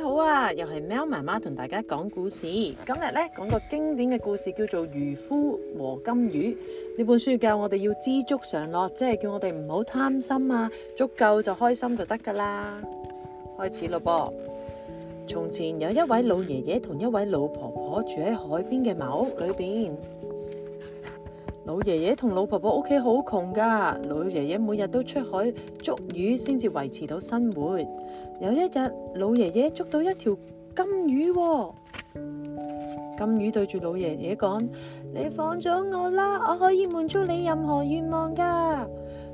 好啊，又係喵媽媽同大家講故事。今日咧，講個經典嘅故事，叫做《漁夫和金魚》。呢本書教我哋要知足常樂，即係叫我哋唔好貪心啊，足夠就開心就得噶啦。開始咯，噃！從前有一位老爺爺同一位老婆婆住喺海邊嘅茅屋裏邊。老爺爺同老婆婆屋企好窮噶，老爺爺每日都出海捉魚先至維持到生活。有一日，老爺爺捉到一條金魚，金魚對住老爺爺講：你放咗我啦，我可以滿足你任何願望噶。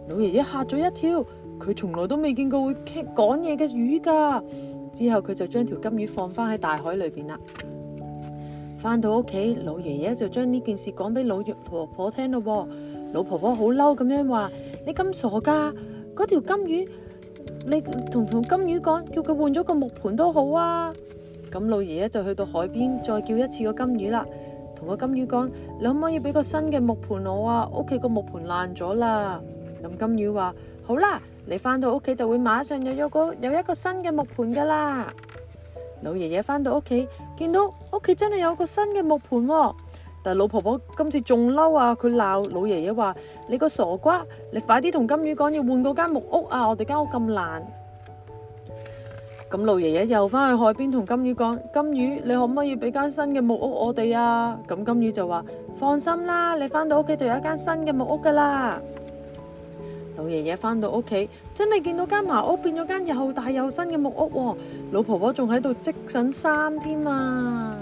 老爺爺嚇咗一跳，佢從來都未見過會講嘢嘅魚噶。之後佢就將條金魚放返喺大海裏邊啦。翻到屋企，老爺爺就將呢件事講俾老婆婆聽咯。老婆婆好嬲咁樣話：你咁傻噶？嗰條金魚，你同同金魚講，叫佢換咗個木盆都好啊。咁老爺爺就去到海邊，再叫一次個金魚啦，同個金魚講：你可唔可以俾個新嘅木盆我啊？屋企個木盆爛咗啦。咁金魚話：好啦，你翻到屋企就會馬上又有個有一個新嘅木盆噶啦。老爺爺翻到屋企，見到屋企真係有個新嘅木盤喎，但係老婆婆今次仲嬲啊！佢鬧老爺爺話：你個傻瓜，你快啲同金魚講要換嗰間木屋啊！我哋間屋咁爛。咁老爺爺又翻去海邊同金魚講：金魚，你可唔可以俾間新嘅木屋我哋啊？咁金魚就話：放心啦，你翻到屋企就有一間新嘅木屋噶啦。老爺爺返到屋企，真係見到間茅屋變咗間又大又新嘅木屋，老婆婆仲喺度織緊衫添啊！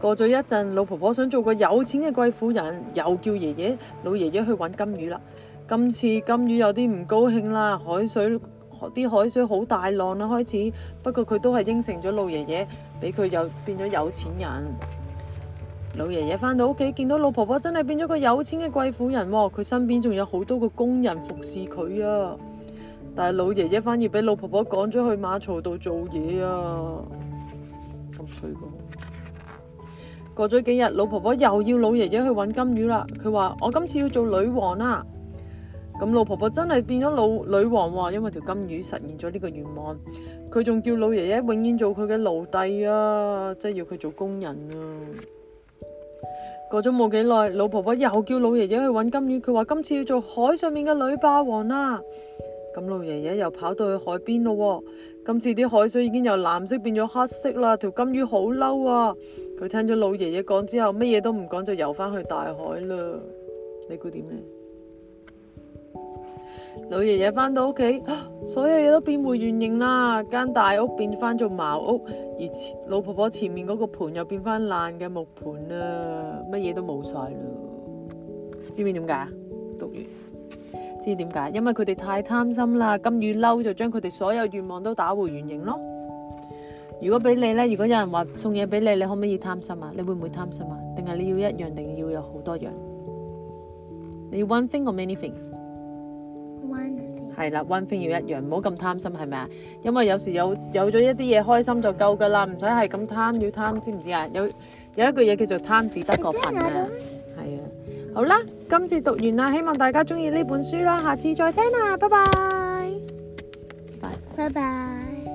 過咗一陣，老婆婆想做個有錢嘅貴婦人，又叫爺爺老爺爺去揾金魚啦。今次金魚有啲唔高興啦，海水啲海，海水好大浪啦，開始。不過佢都係應承咗老爺爺，俾佢又變咗有錢人。老爺爺翻到屋企，見到老婆婆真係變咗個有錢嘅貴婦人，佢、哦、身邊仲有好多個工人服侍佢啊。但係老爺爺反而俾老婆婆趕咗去馬槽度做嘢啊。咁、哦、過咗幾日，老婆婆又要老爺爺去揾金魚啦。佢話我今次要做女王啦。咁、嗯、老婆婆真係變咗老女王喎，因為條金魚實現咗呢個願望。佢仲叫老爺爺永遠做佢嘅奴隸啊，即係要佢做工人啊。過咗冇幾耐，老婆婆又叫老爺爺去揾金魚，佢話今次要做海上面嘅女霸王啦、啊。咁老爺爺又跑到去海邊咯、啊，今次啲海水已經由藍色變咗黑色啦，條金魚好嬲啊！佢聽咗老爺爺講之後，乜嘢都唔講就游翻去大海啦。你估點呢？老爺爺返到屋企。所有嘢都變回原形啦，間大屋變翻做茅屋，而老婆婆前面嗰個盤又變翻爛嘅木盤啦，乜嘢都冇晒咯。知唔知點解啊？讀完知點解？因為佢哋太貪心啦，金魚嬲就將佢哋所有願望都打回原形咯。如果俾你咧，如果有人話送嘢俾你，你可唔可以貪心啊？你會唔會貪心啊？定係你要一樣定要有好多樣？你要 one thing or many things？One。係啦，one thing 要一樣，唔好咁貪心，係咪啊？因為有時有有咗一啲嘢，開心就夠噶啦，唔使係咁貪，要貪，知唔知啊？有有一句嘢，叫做貪字得個貧啊，係啊。好啦，今次讀完啦，希望大家中意呢本書啦，下次再聽啦，拜拜，拜拜。